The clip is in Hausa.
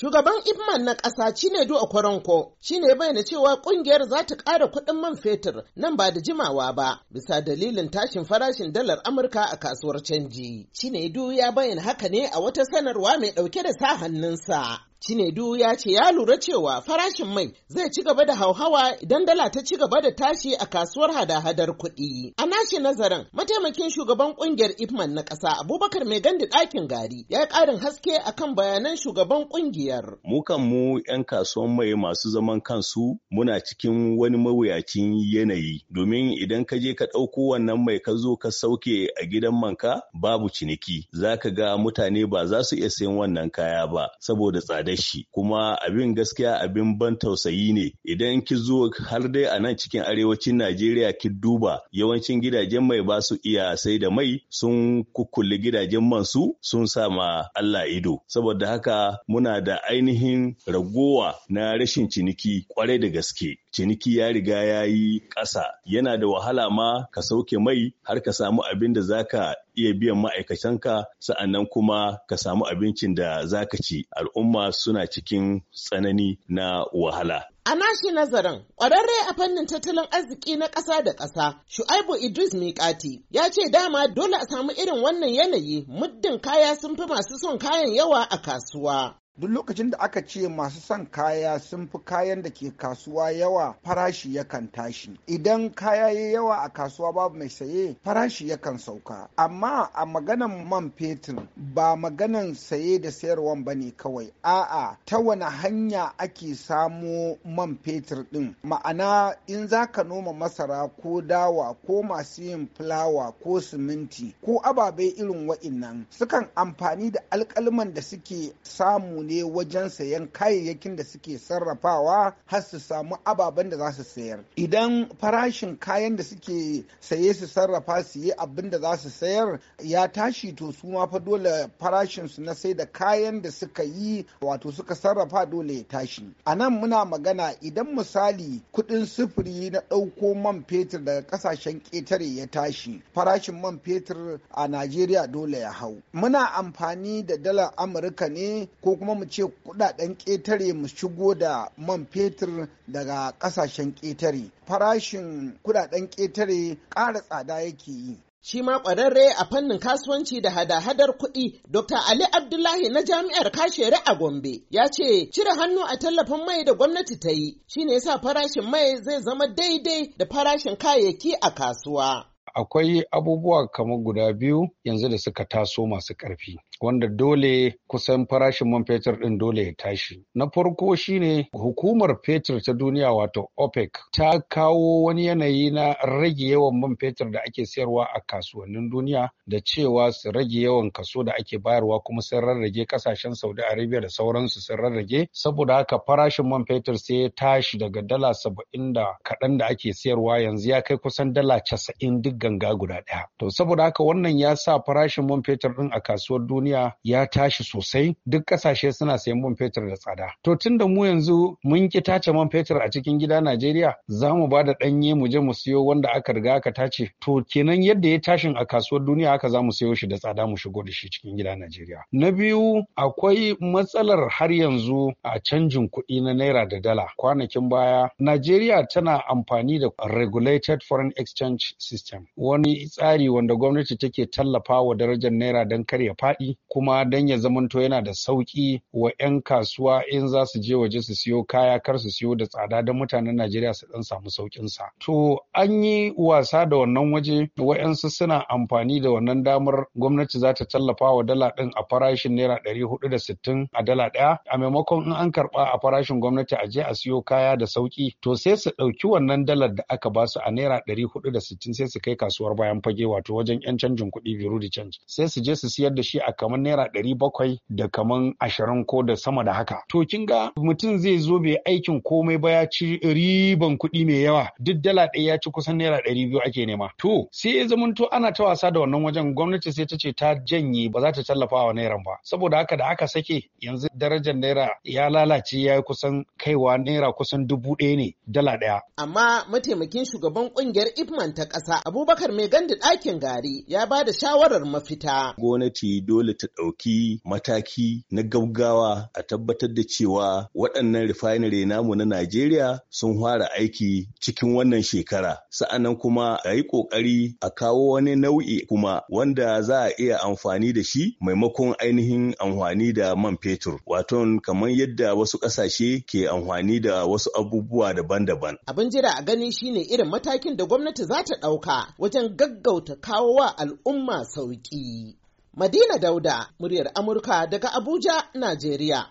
Shugaban Ibman na ƙasa Cinedu Okoronkwo shi ne bayyana cewa ƙungiyar za ta ƙara kuɗin man fetur nan ba da jimawa ba bisa dalilin tashin farashin dalar Amurka a kasuwar canji. du ya bayyana haka ne a wata sanarwa mai ɗauke da sa hannunsa. Cinedu ya ce ya lura cewa farashin mai zai ci gaba da hauhawa idan dala ta ci gaba da tashi a kasuwar hada-hadar kuɗi. A nashi nazarin mataimakin shugaban ƙungiyar Ipman na ƙasa Abubakar Mai Gandi ɗakin gari ya ƙarin haske a kan bayanan shugaban ƙungiyar. Mu kan mu 'yan kasuwan mai masu zaman kansu muna cikin wani mawuyacin yanayi domin idan ka je ka ɗauko wannan mai ka zo ka sauke a gidan manka babu ciniki za ka ga mutane ba za su iya sayan wannan kaya ba saboda tsada shi kuma abin gaskiya abin ban tausayi ne idan ki zo har dai a nan cikin arewacin Najeriya ki duba yawancin gidajen mai ba su iya sai da mai sun kukkulli gidajen man su sun sa ma Allah ido saboda haka muna da ainihin ragowa na rashin ciniki kwarai da gaske ciniki ya riga ya yi ƙasa yana da wahala ma ka sauke mai har ka samu abin da zaka iya biyan ma'aikatanka sa'annan kuma ka samu abincin da zaka ci al'umma suna cikin tsanani na wahala. A nashi nazarin, ƙwararre a fannin tattalin arziki na ƙasa da ƙasa, Shu'aibu Idris Mikati ya ce dama dole a samu irin wannan yanayi muddin kaya sun fi masu son kayan yawa a kasuwa. duk lokacin da aka ce masu son kaya sun fi kayan da ke kasuwa yawa farashi yakan tashi idan kaya ya yawa a kasuwa babu mai saye farashi yakan sauka amma a maganan man fetur ba maganan saye da sayarwan ba ne kawai a'a ta wani hanya ake samo man fetur din ma'ana in za ka noma masara ko dawa ko masu yin fulawa ko siminti ko ababe irin nan, sukan amfani da alkalman da suke samu ne wajen sayan kayayyakin da suke sarrafawa har su samu ababen da za su sayar idan farashin kayan da suke saye su sarrafa su yi abin da za su sayar ya tashi to su ma fa dole farashin su na sai da kayan da suka yi wato suka sarrafa dole ya tashi a nan muna magana idan misali kuɗin sufuri na ɗauko man fetur daga ƙasashen ƙetare ya tashi farashin man fetur a najeriya dole ya hau muna amfani da dalar amurka ne ko kuma kuma mu ce kudaden ƙetare mu shigo da man fetur daga ƙasashen ƙetare farashin kudaden ƙetare ƙara tsada yake yi Shi ma ƙwararre a fannin kasuwanci da hada-hadar kuɗi, Dr. Ali Abdullahi na jami'ar kashere a Gombe ya ce cire hannu a tallafin mai da gwamnati ta yi shi ne sa farashin mai zai zama daidai da farashin kayayyaki a kasuwa. akwai abubuwa kamar guda biyu yanzu da suka taso masu ƙarfi wanda dole kusan farashin man fetur ɗin dole ya tashi na farko shine hukumar fetur ta duniya wato opec ta kawo wani yanayi na rage yawan man fetur da ake sayarwa a kasuwannin duniya da cewa su rage yawan kaso da ake bayarwa kuma sun rarrage kasashen saudi arabia da sauransu sun rarrage saboda haka farashin man fetur sai ya tashi daga dala saba'in da kaɗan da ake sayarwa yanzu ya kai kusan dala casa'in duk ganga guda ɗaya. To saboda haka wannan ya sa farashin man fetur ɗin a kasuwar duniya ya tashi sosai duk ƙasashe suna sayan man fetur da tsada. To tun da mu yanzu mun ƙi tace man fetur a cikin gida Najeriya za mu ba da ɗanye mu je mu siyo wanda aka riga aka tace. To kenan yadda ya tashin a kasuwar duniya haka za mu siyo shi da tsada mu shigo da shi cikin gida Najeriya. Na biyu akwai matsalar har yanzu a canjin kuɗi na naira da dala. Kwanakin baya Najeriya tana amfani da regulated foreign exchange system wani tsari wanda gwamnati take tallafawa darajar naira don kar ya faɗi kuma don ya zamanto yana da sauƙi wa 'yan kasuwa in za su je waje su siyo kaya kar su siyo da tsada don mutanen Najeriya su ɗan samu sauƙin sa. To an yi wasa da wannan waje wa'yansu suna amfani da wannan damar gwamnati za ta tallafa dala ɗin a farashin naira ɗari hudu da sittin a dala ɗaya a maimakon in an karɓa a farashin gwamnati a je a siyo kaya da sauƙi to sai su ɗauki wannan dalar da aka ba su a naira ɗari hudu da sittin sai su kai kasuwar bayan fage wato wajen 'yan canjin kuɗi biro da canji sai su je su siyar da shi a kaman naira ɗari bakwai da kaman ashirin ko da sama da haka. To kin ga mutum zai zo bai aikin komai ba ya ci riban kuɗi mai yawa duk dala ɗaya ya ci kusan naira ɗari biyu ake nema. To sai ya zamanto ana ta wasa da wannan wajen gwamnati sai ta ce ta janye ba za ta tallafa wa nairan ba. Saboda haka da aka sake yanzu darajar naira ya lalace ya yi kusan kaiwa naira kusan dubu ɗaya ne dala ɗaya. Amma mataimakin shugaban ƙungiyar Ifman ta ƙasa Abubakar Abubakar mai gandi ɗakin gari ya ba da shawarar mafita. Gwamnati dole ta ɗauki mataki na gaggawa a tabbatar da cewa waɗannan refinery namu na Najeriya sun fara aiki cikin wannan shekara. Sa'annan kuma a yi ƙoƙari a kawo wani nau'i kuma wanda za a iya amfani da shi maimakon ainihin amfani da man fetur. wato kamar yadda wasu ƙasashe ke amfani da wasu abubuwa daban-daban. Abin jira a gani shine irin matakin da gwamnati za ta ɗauka wajen gaggauta kawo wa al'umma sauƙi. Madina Dauda, muryar Amurka daga Abuja, Najeriya.